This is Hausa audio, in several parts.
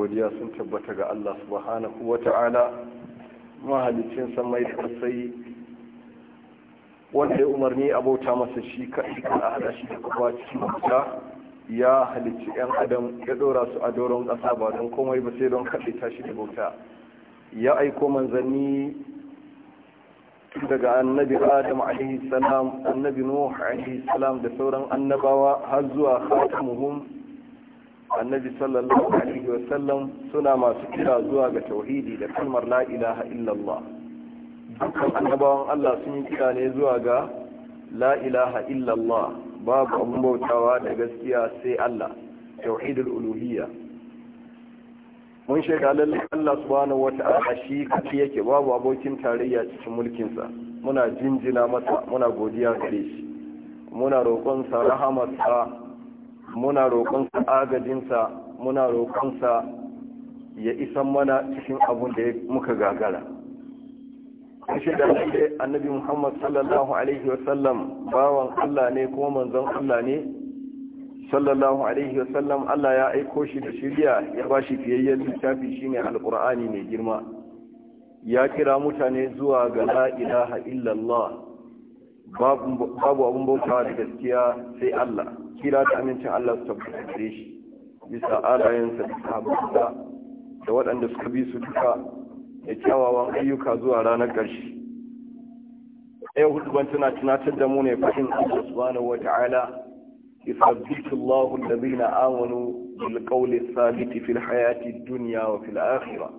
godiya sun tabbata ga Allah subhanahu wa ta'ala mahalicin samai da sai wanda ya umarni bauta masa shi kaɗai a hada da kuma cikin wuta ya halicci 'yan adam ya ɗora su a doron ƙasa ba don komai ba sai don kaɗai tashi da bauta ya aiko manzanni daga annabi adam alaihi salam annabi nuh alaihi salam da sauran annabawa har zuwa khatamuhum annabi sallallahu alaihi wasallam suna masu kira zuwa ga tauhidi da kalmar la ilaha illallah dukkan annabawan Allah sun yi kira ne zuwa ga la ilaha illallah babu abun bautawa da gaskiya sai Allah tauhidul uluhiyya mun shaida lallai Allah subhanahu wata'ala shi kace yake babu abokin tarayya cikin mulkinsa muna jinjina masa muna godiya gare shi muna roƙon sa rahamarsa muna roƙonsa agajinsa muna roƙonsa ya isan mana cikin abin da muka gagara kashi da ake annabi muhammad sallallahu alaihi wasallam bawan allah ne kuma manzon allah ne sallallahu alaihi wasallam allah ya aiko shi da shirya ya ba shi fiyayyen littafi shine alkur'ani mai girma ya kira mutane zuwa ga la ilaha illallah babu abin bauta da gaskiya sai allah kira ta amincin Allah su tabbata shi bisa alayensa da sahabbansa da waɗanda suka bi su duka da kyawawan ayyuka zuwa ranar ƙarshe ɗaya hudu ban tana tunatar da mu ne fahim Allah subhanahu wa ta'ala yusabbitu Allahu allazina amanu bil qawli thabiti fil hayati dunya wa fil akhirah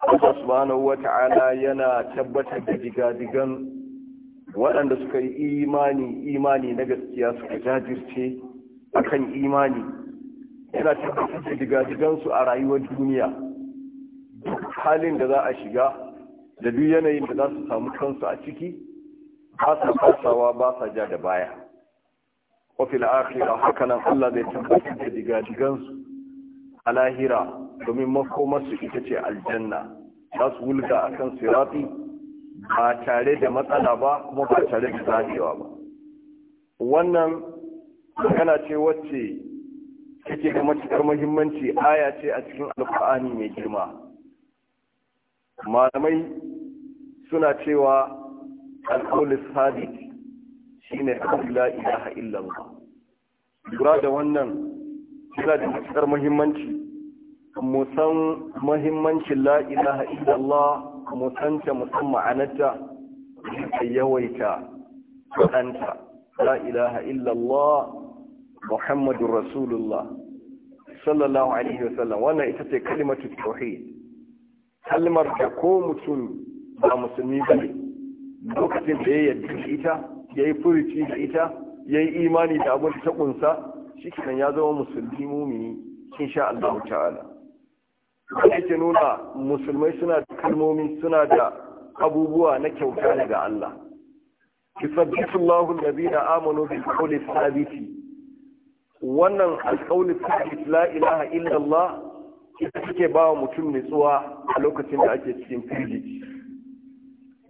Allah subhanahu wa ta'ala yana tabbatar da digadigan waɗanda suka yi imani imani na gaskiya suka jajirce akan imani yana tabbatar da digadigansu a rayuwar duniya duk halin da za a shiga da duk yanayin da za su samu kansu a ciki ba su kasawa ba sa ja da baya wafi la'akira haka nan Allah zai tabbatar da digadigansu a lahira domin makomarsu ita ce aljanna za su wulga akan sirafi. ba tare da matsala ba kuma ba tare da zafiwa ba wannan magana ce wacce take da matuƙar muhimmanci aya ce a cikin alkur'ani mai girma malamai suna cewa alƙaulis sabit shine la ilaha illallah lura da wannan yana da matuƙar muhimmanci mu san la'ila la ilaha illallah musanta santa ma'anarta ka yawaita faɗanta la ilaha illallah muhammadu rasulullah sallallahu alaihi sallam wannan ita ce kalimatu tauhid kalmar da ko mutum ba musulmi ba ne lokacin da ya yi ita ya yi furuci da ita ya yi imani da abin ta kunsa shi ya zama musulmi mumini insha Allah ta'ala wanda yake nuna musulmai suna da kalmomi suna da abubuwa na kyauta daga Allah yusabbitu Allahu alladhina amanu bil qawli thabiti wannan alqawli thabit la ilaha illa Allah ita take ba wa mutum nutsuwa a lokacin da ake cikin firji.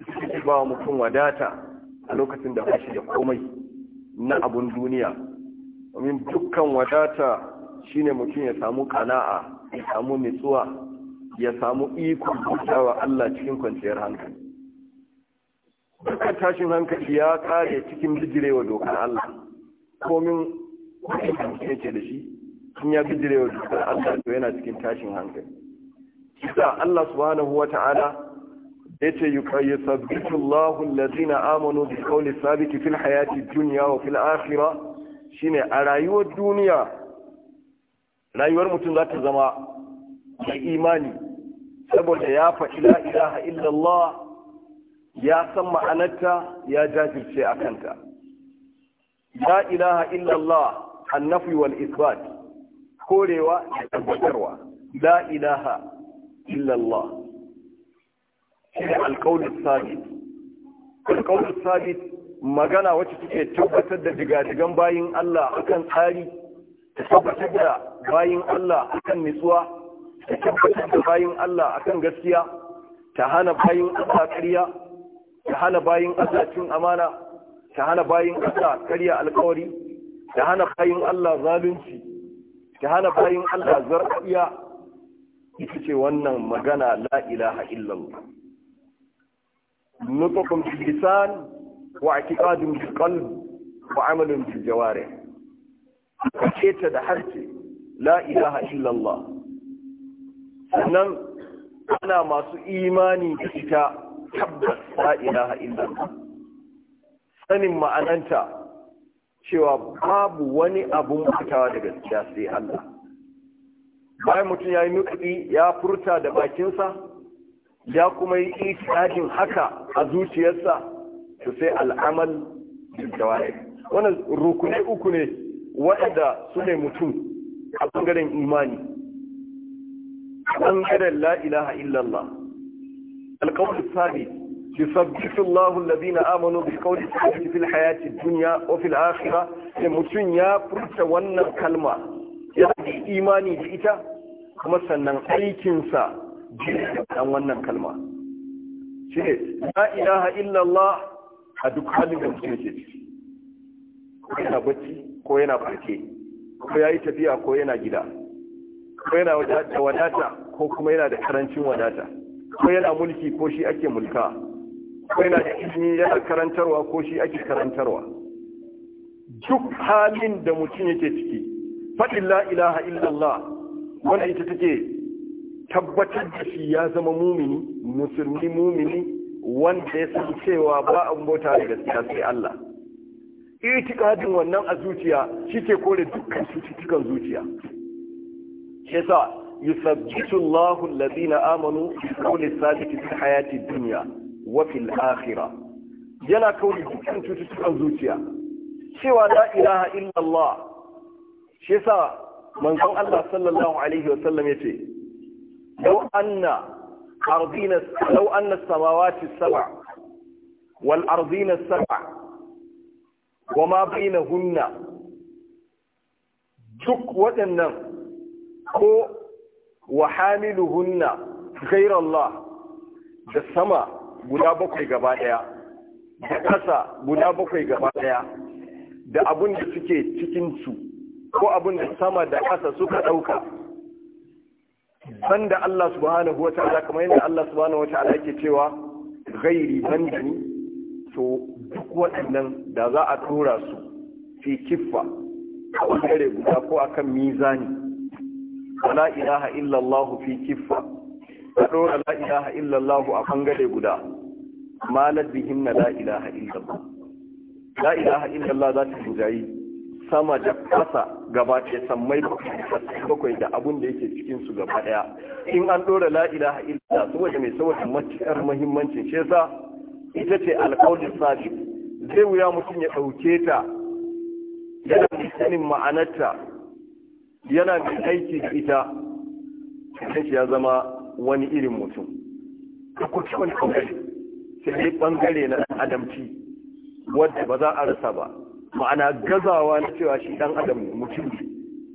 ita take ba wa mutum wadata a lokacin da ba shi da komai na abun duniya domin dukkan wadata shine mutum ya samu kana'a ya samu nutsuwa ya samu ikon bautawa Allah cikin kwanciyar hankali dukkan tashin hankali ya kare cikin bijirewa dokar Allah komin kwanciyar ce da shi in ya bijirewa dokar Allah to yana cikin tashin hankali kisa Allah subhanahu wa ta'ala yace yusabbitu Allahu allazina amanu bi qawli sabiti fil hayati dunya wa fil akhirah shine a rayuwar duniya rayuwar mutum za ta zama mai imani saboda ya faɗi la'ilaha illallah ya san ma'anarta ya jajirce a kanta La'ilaha ilaha illallah annafi wal isbat korewa da tabbatarwa La'ilaha ilaha illallah shi ne alƙaunin sabit alƙaunin sabit magana wacce take tabbatar da digadigan bayin Allah akan tsari ta tabbatar da bayin Allah akan nutsuwa ta tabbatar da bayin Allah akan gaskiya ta hana bayin Allah ƙarya ta hana bayin Allah cin amana ta hana bayin Allah ƙarya alƙawari ta hana bayin Allah zalunci ta hana bayin Allah zarfiya ita ce wannan magana la ilaha illallah نطق باللسان واعتقاد بالقلب وعمل بالجوارح kace ta da harshe la ilaha illallah sannan ana masu imani da ita tabbas la ilaha illallah sanin ma'ananta cewa babu wani abun fitawa da gaskiya sai Allah bayan mutum ya yi nukudi ya furta da bakinsa ya kuma yi itikadin haka a zuciyarsa to sai al'amal da wannan rukunai uku ne waɗanda su ne mutum a ɓangaren imani a ɓangaren la'ilaha illallah alƙawar sabi amanu الله الذين آمنوا بالقول الثابت في الحياة الدنيا وفي الآخرة mutum ya furta wannan kalma ya yi imani da ita kuma sannan aikinsa dan wannan kalma shi ne la ilaha allah a duk halin da mutum yake yana bacci ko yana barke ko ya yi tafiya ko yana gida ko yana da wadata ko kuma yana da karancin wadata ko yana mulki ko shi ake mulka ko yana da ilimi yana karantarwa ko shi ake karantarwa duk halin da mutum yake ciki faɗin la ilaha illallah wanda ita take tabbatar da shi ya zama mumini musulmi mumini wanda ya san cewa ba a bauta da gaskiya sai Allah itikadin wannan a zuciya shi ke kore dukkan cututtukan zuciya shi yasa yusabbitu Allahu allazina amanu bi qawli sabiti fi hayati dunya wa fil akhirah yana kawai dukkan cututtukan zuciya cewa la ilaha illa Allah shi yasa manzon Allah sallallahu alaihi wa sallam yace law anna ardina law anna as-samawati as-sab'a wal ardina as-sab'a wa ma baina hunna duk waɗannan ko wa hamiluhunna Allah da sama guda bakwai gaba ɗaya da ƙasa guda bakwai gaba ɗaya da abin da suke cikinsu ko abin da sama da ƙasa suka ɗauka banda Allah subhanahu wa ta'ala kamar yadda Allah subhanahu wa ta'ala yake cewa ghairi banda ni to duk waɗannan da za a tura su fi kiffa a ɓangare guda ko a kan mizani la ilaha illallah fi kiffa a ɗora la ilaha illallah a ɓangare guda malar bihin na la ilaha illallah la ilaha illallah za ta gujayi sama da ƙasa gaba ɗaya sammai bakwai da abun da yake cikin su gaba ɗaya in an ɗora la ilaha illallah waje mai saboda matuƙar muhimmancin shi yasa ita ce alƙawarin sashi zai wuya mutum ya ɗauke ta yana mai sanin ma'anarta yana mai aiki da ita sai ya zama wani irin mutum ka kuce wani ɓangare sai dai ɓangare na ɗan adamci wadda ba za a rasa ba ma'ana gazawa na cewa shi ɗan adam mutum ne.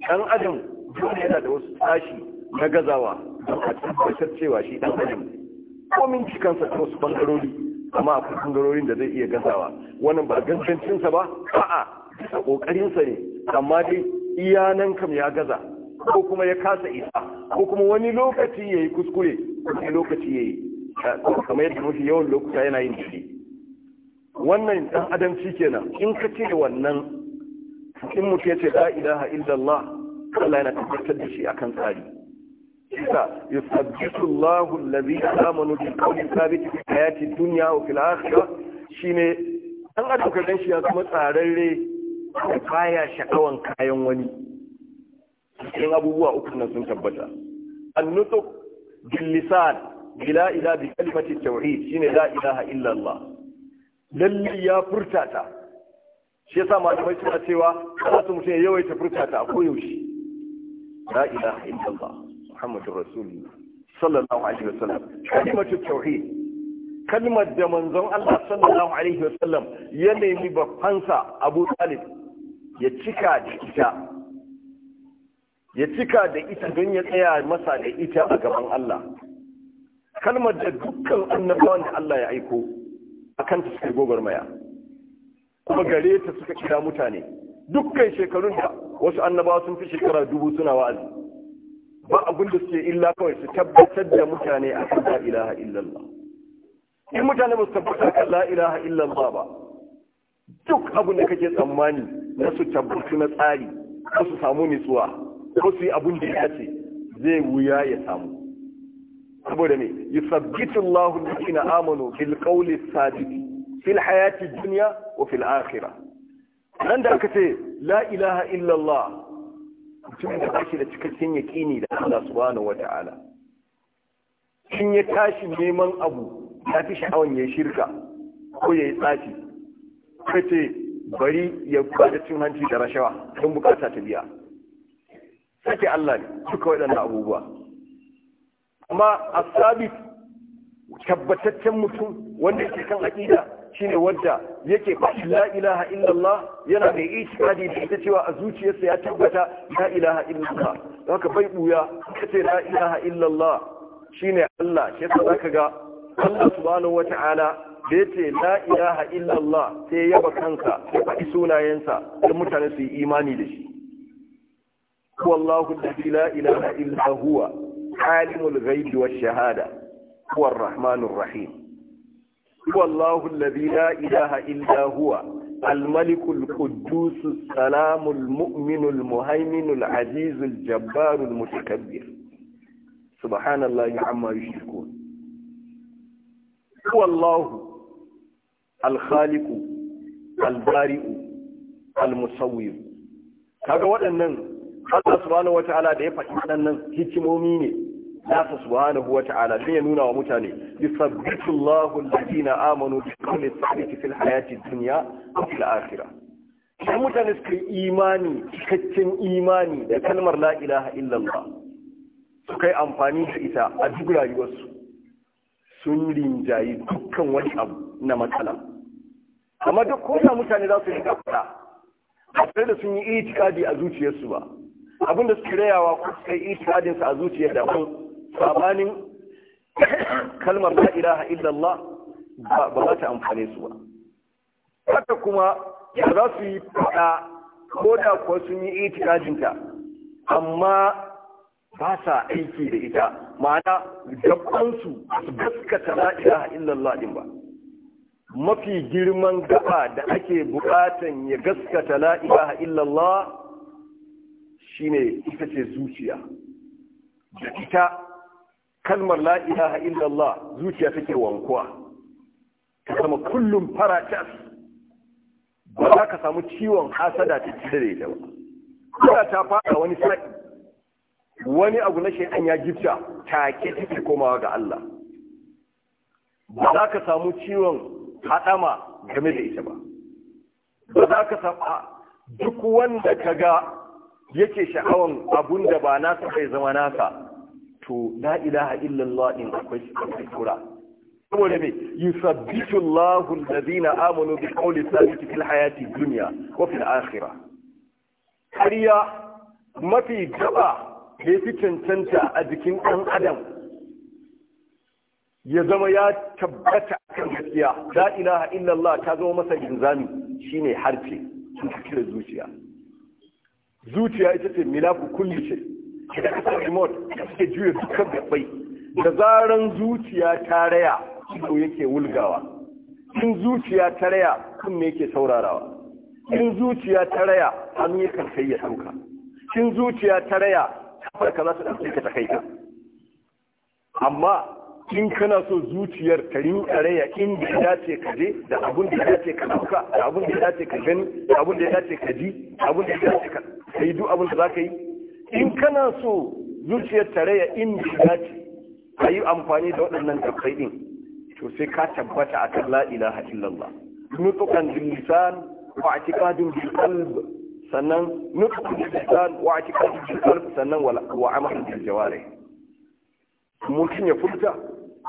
ɗan adam dole yana da wasu tashi na gazawa don a tabbatar cewa shi ɗan adam ne. Ko min cikansa ta wasu ɓangarori amma akwai garorin da zai iya gasawa wannan ba gaskancinsa ba a'a a kokarinsa ne amma dai iya nan kam ya gaza ko kuma ya kasa isa ko kuma wani lokaci ya yi kuskure wani lokaci ya yi kamar yadda mafi yawan lokuta yana yin jiri wannan dan adamci kenan in ka ce wannan in mutum ya ce la ilaha illallah Allah yana tabbatar da shi akan tsari kisa yusabbitullahu allazi amanu bil qawli thabit fi hayati dunya wa fil akhirah shine an ga duka dan shi ya kuma tsararre baya shakawan kayan wani in abubuwa uku nan sun tabbata annutuk bil lisan bila ila bi kalimati tauhid shine la ilaha illa allah lalle ya furtata ta shi yasa malamai suna cewa kana mutum ya yawaita furta ta a koyaushe la ilaha illa allah Muhammadu Rasulullah sallallahu الله عليه وسلم كلمة kalmar da manzon Allah sallallahu صلى الله ya nemi يلي Abu Talib ya cika da ita يتكا don ya tsaya masa da ita a gaban Allah kalmar da dukkan annabawan ya aiko kuma gare ta suka kira mutane dukkan shekarun da wasu annabawa sun fi shekara dubu suna wa'azi ba abin da suke illa kawai su tabbatar da mutane a kan la'ilaha illallah in mutane ba su tabbatar kan la'ilaha illallah ba duk abin da kake tsammani na su tabbatu na tsari ko su samu nutsuwa ko su yi abin da ya ce zai wuya ya samu saboda me yusabbitu Allahu alladhina amanu bil qawli sabit fil hayati duniya wa fil akhira nan da aka ce la ilaha illallah Mutum da ba shi da cikakken yaƙini da Allah subhanahu wa ta'ala in ya tashi neman abu ya fi sha'awan ya shirka ko ya yi tsafi ka ce bari ya bada cin hanci da rashawa don bukata ta biya sake Allah ne suka waɗannan abubuwa amma a asabit tabbataccen mutum wanda yake kan aƙida shine wadda yake faɗi la ilaha illallah yana mai itikadi da ita cewa a zuciyarsa ya tabbata la ilaha illallah don haka bai buya ka ce la ilaha illallah shine Allah shi yasa zaka ga Allah subhanahu wata'ala da yace la ilaha illallah sai yaba kansa ya faɗi sunayensa da mutane su yi imani da shi wallahu la ilaha illa huwa alimul ghaibi wash shahada huwa ar-rahmanur rahim هو الله الذي لا إله إلا هو الملك القدوس السلام المؤمن المهيمن العزيز الجبار المتكبر سبحان الله عما يشركون هو الله الخالق البارئ المصور kaga waɗannan Allah subhanahu wataala da ya faɗi waɗannan hikimomi ne nasa subhanahu wa ta'ala don ya nuna wa mutane yusabbitu Allahu alladhina amanu bi qawli thabiti fil hayati dunya wa fil akhirah mutane suka kai imani cikakken imani da kalmar la ilaha illallah su kai amfani da ita a duk rayuwarsu sun rinjayi dukkan wani abu na matsala amma duk da mutane za su yi fada ba sai da sun yi itikadi a zuciyarsu ba abinda suke rayawa ko suka yi itikadinsu a zuciyar daban sabanin kalmar la ilaha illallah ba za ta amfane su ba haka kuma ya za su yi fada ko da kuwa sun yi itikadinta amma ba sa aiki da ita ma'ana gabansu su gaskata la ilaha illallah din ba mafi girman gaba da ake bukatan ya gaskata la ilaha illallah shine ita ce zuciya da ita kalmar la ilaha illallah zuciya take wankuwa ta zama kullum faratas ba za ka samu ciwon hasada ta da ita ba kuma ta fara wani sa'i wani abu na shaidan ya gifta ke take komawa ga Allah ba za ka samu ciwon haɗama game da ita ba ba za ka saba duk wanda ka ga yake sha'awan abun da ba nasa bai zama nasa to la ilaha illallah in akwai kura saboda me yusabbitu Allahu alladhina amanu bi qawli thabit fil hayati dunya wa fil akhirah kariya mafi gaba da yafi cancanta a jikin ɗan adam ya zama ya tabbata kan gaskiya la ilaha illallah ta zama masa inzami shine harce sun zuciya zuciya ita ce milaku kulli ce idan ka sa remote ka juya dukkan gabai da zaran zuciya ta raya ido yake wulgawa in zuciya ta raya me yake saurarawa in zuciya ta raya hannu yakan kai ya sauka in zuciya ta raya ka za ta ɗauke ka ta kai ka amma in kana so zuciyar ta rinka raya inda ya dace ka je da abun da ya dace ka ɗauka da abun da ya dace ka gani da abun da ya dace ka ji da abun da ya dace ka yi duk abun da za ka yi in kana so zuciyar tarayya inda ya ce a yi amfani da waɗannan tafai ɗin to sai ka tabbata a kan la'ilaha illallah nutukan jirgin wa atikadin bilqalb sannan nutukan bilisan wa atikadin bilqalb sannan wa amalin biljawari mutum ya furta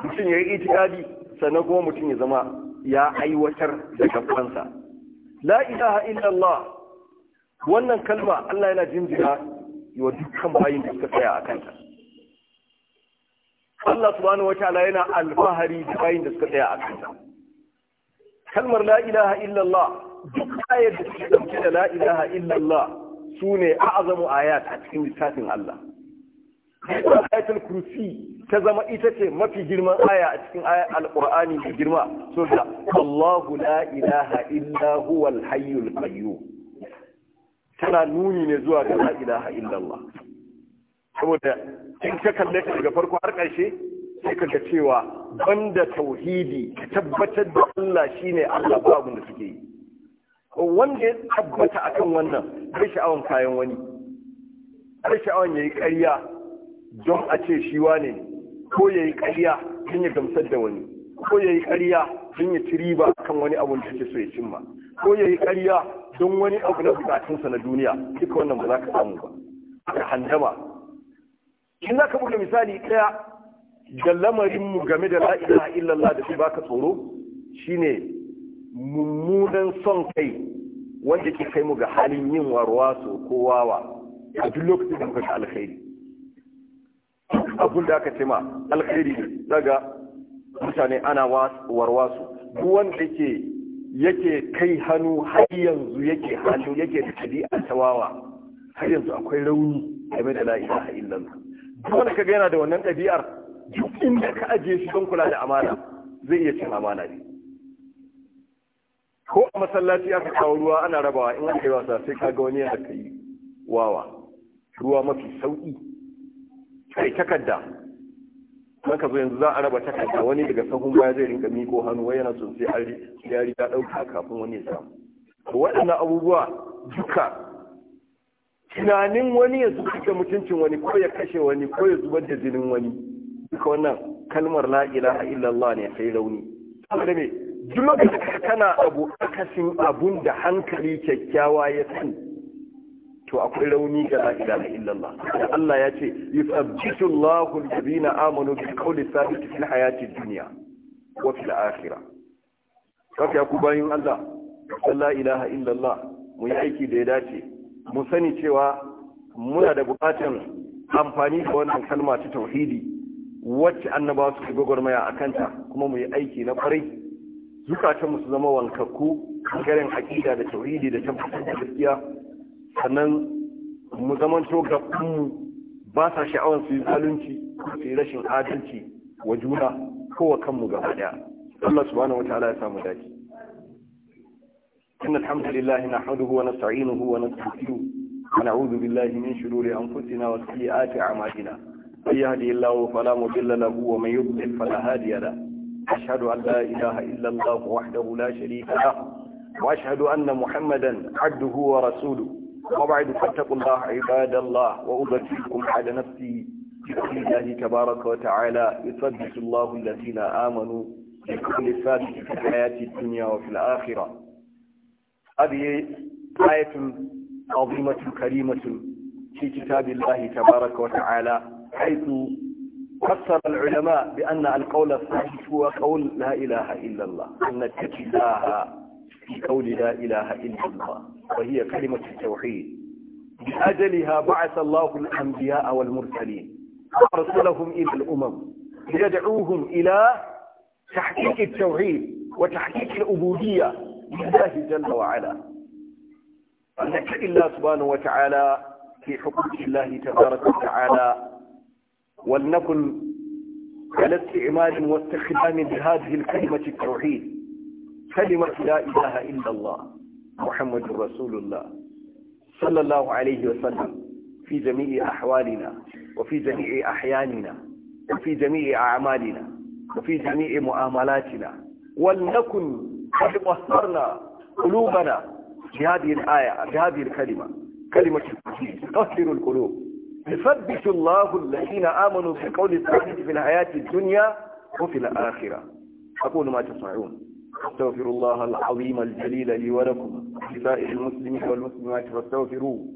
mutum ya yi itikadi sannan kuma mutum ya zama ya aiwatar da gabansa la ilaha illallah wannan kalma Allah yana jinjina wa dukkan bayin da suka tsaya a kanta Allah subhanahu wa ta'ala yana alfahari da bayin da suka tsaya a kanta kalmar la ilaha illallah duk ayar da suke dauke da la ilaha illallah su ne a'azamu ayat a cikin littafin Allah ayatul kursi ta zama ita ce mafi girman aya a cikin alqur'ani da girma so da Allahu la ilaha illa huwal hayyul qayyum tana nuni ne zuwa ga la ilaha illallah saboda in ka kalle ta daga farko har ƙarshe sai ka ga cewa banda tauhidi ka tabbatar da Allah shi ne Allah ba abin da suke yi wanda ya tabbata akan wannan bai sha'awan kayan wani bai sha'awan ya yi ƙarya don a ce shi wane ko ya yi ƙarya don ya gamsar da wani ko ya yi ƙarya don ya ci riba akan wani abun da ke so ya cimma ko ya yi ƙarya don wani abu na bukatunsa na duniya duka wannan ba za ka samu ba aka handama in za ka buga misali ɗaya da lamarinmu game da la'ila illallah da shi ka tsoro shine mummunan son kai wanda ke kai mu ga halin yin warwa so ko wawa a duk lokacin da muka ga alkhairi abun da aka ce ma alkhairi daga mutane ana warwa warwasu duk wanda yake yake kai hannu har yanzu yake hannu yake da tabi'a tawawa har yanzu akwai rauni game da la a illallah duk wanda kaga yana da wannan ɗabi'ar duk inda ka ajiye shi don kula da amana zai iya cin amana ne ko a masallaci aka kawo ruwa ana rabawa in aka yi wasa sai ka ga wani yana kai wawa ruwa mafi sauki kai takarda haka zo yanzu za a raba takarda wani daga sahun baya zai rinka miko hannu wai yana son sai an yari Ya ɗauka kafin wani ya samu to waɗannan abubuwa duka tunanin wani ya zubar da mutuncin wani ko ya kashe wani ko ya zubar da jinin wani duka wannan kalmar la ilaha illallah ne sai rauni saboda me duk lokacin kana abu akasin abun da hankali kyakkyawa ya sani to akwai rauni ga la ilaha illallah Allah ya ce yusabbitu Allahu alladhina amanu bil qawli thabit fil hayati dunya wa fil akhirah kafi ku bayin Allah la ilaha illallah mu yi aiki da ya dace mu sani cewa muna da bukatan amfani da wannan kalma ta tauhidi wacce annaba su ga gurmaya a kanta kuma mu yi aiki na kwarai mu su zama wankakku garin aƙida da tauhidi da tabbatar da gaskiya sannan mu zaman to ba sa sha'awar su yi zalunci su yi rashin adalci wa juna ko wa kanmu gaba daya Allah subhanahu wa ta'ala ya samu dace inna alhamdulillahi nahmaduhu wa nasta'inuhu wa nastaghfiruh wa na'udhu billahi min shururi anfusina wa sayyiati a'malina may yahdihillahu fala mudilla lahu wa may yudlil fala hadiya lahu ashhadu an la ilaha illa allah wahdahu la sharika lahu wa ashhadu anna muhammadan 'abduhu wa rasuluhu وبعد فاتقوا الله عباد الله وأذكركم على نفسي بقول الله تبارك وتعالى يثبت الله الذين آمنوا بكل ثابت في الحياة الدنيا وفي الآخرة هذه آية عظيمة كريمة في كتاب الله تبارك وتعالى حيث فسر العلماء بأن القول الصحيح هو قول لا إله إلا الله أن تجداها في قول لا إله إلا الله وهي كلمة التوحيد لأجلها بعث الله الأنبياء والمرسلين وأرسلهم إلى الأمم ليدعوهم إلى تحقيق التوحيد وتحقيق العبودية لله جل وعلا أنك الله سبحانه وتعالى في حقوق الله تبارك وتعالى ولنكن على استعمال واستخدام لهذه الكلمة التوحيد كلمة لا إله إلا الله محمد رسول الله صلى الله عليه وسلم في جميع أحوالنا وفي جميع أحياننا وفي جميع أعمالنا وفي جميع مؤاملاتنا ولنكن قد قصرنا قلوبنا بهذه الآية بهذه الكلمة كلمة تقصر القلوب يثبت الله الذين آمنوا في قول الثابت في الحياة الدنيا وفي الآخرة أقول ما تسمعون أستغفر الله العظيم الجليل لي ولكم لسائر المسلمين والمسلمات فاستغفروه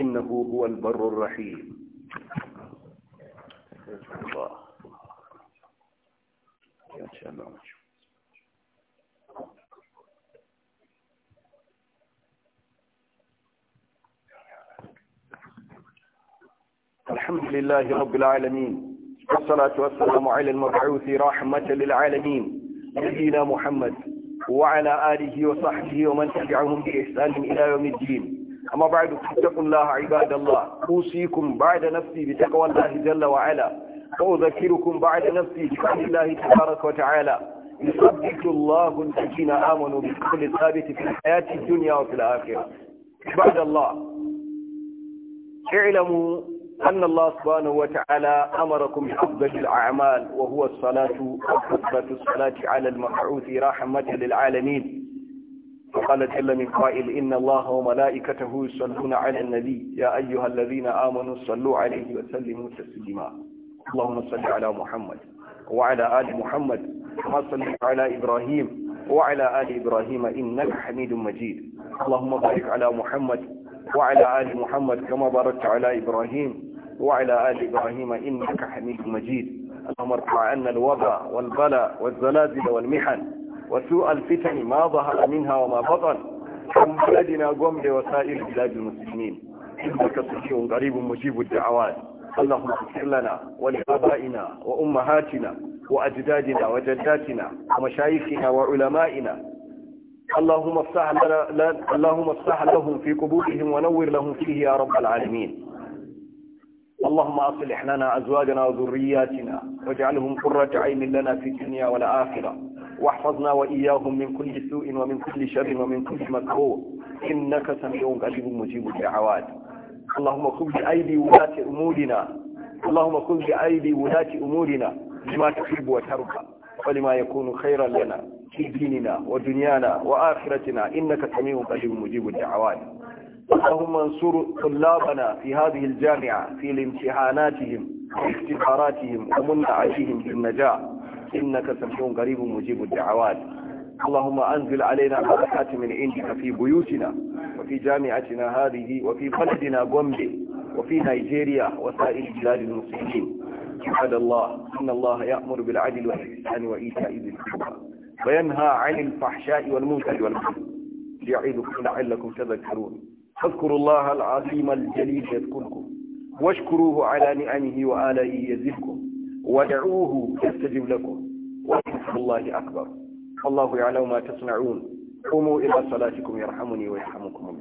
إنه هو البر الرحيم الحمد لله رب العالمين والصلاة والسلام على المبعوث رحمة للعالمين نبينا محمد وعلى آله وصحبه ومن تبعهم بإحسان إلى يوم الدين أما بعد فاتقوا الله عباد الله أوصيكم بعد نفسي بتقوى الله جل وعلا وأذكركم بعد نفسي بقول الله تبارك وتعالى يثبت الله الذين آمنوا بالقول الثابت في الحياة الدنيا وفي الآخرة عباد الله اعلموا أن الله سبحانه وتعالى أمركم بأفضل الأعمال وهو الصلاة وخطبة الصلاة على المبعوث رحمة للعالمين وقال جل من قائل إن الله وملائكته يصلون على النبي يا أيها الذين آمنوا صلوا عليه وسلموا تسليما اللهم صل على محمد وعلى آل محمد كما صليت على إبراهيم وعلى آل إبراهيم إنك حميد مجيد اللهم بارك على محمد وعلى آل محمد كما باركت على إبراهيم وعلى آل إبراهيم إنك حميد مجيد اللهم ارفع عنا الوضع والبلاء والزلازل والمحن وسوء الفتن ما ظهر منها وما بطن عن بلدنا قمد وسائر بلاد المسلمين إنك سميع قريب مجيب الدعوات اللهم اغفر لنا ولآبائنا وأمهاتنا وأجدادنا وجداتنا ومشايخنا وعلمائنا اللهم افتح لنا اللهم افتح لهم في قبورهم ونور لهم فيه يا رب العالمين اللهم أصلح لنا أزواجنا وذرياتنا واجعلهم قرة عين لنا في الدنيا والآخرة واحفظنا وإياهم من كل سوء ومن كل شر ومن كل مكروه إنك سميع قريب مجيب الدعوات اللهم خذ بأيدي ولاة أمورنا اللهم خذ بأيدي ولاة أمورنا لما تحب وترضى ولما يكون خيرا لنا في ديننا ودنيانا وآخرتنا إنك سميع قريب مجيب الدعوات اللهم انصر طلابنا في هذه الجامعة في الامتحاناتهم واختباراتهم ومن عشهم بالنجاح إنك سميع قريب مجيب الدعوات اللهم أنزل علينا بركات من عندك في بيوتنا وفي جامعتنا هذه وفي بلدنا قومبي وفي نيجيريا وسائر بلاد المسلمين سبحان الله إن الله يأمر بالعدل والإحسان وإيتاء ذي القربى وينهى عن الفحشاء والمنكر والبغي يعظكم لعلكم تذكرون فاذكروا الله العظيم الجليل يذكركم واشكروه على نعمه وآلائه يزدكم ودعوه يستجب لكم وذكر الله أكبر الله يعلم ما تصنعون قوموا إلى صلاتكم يرحمني ويرحمكم الله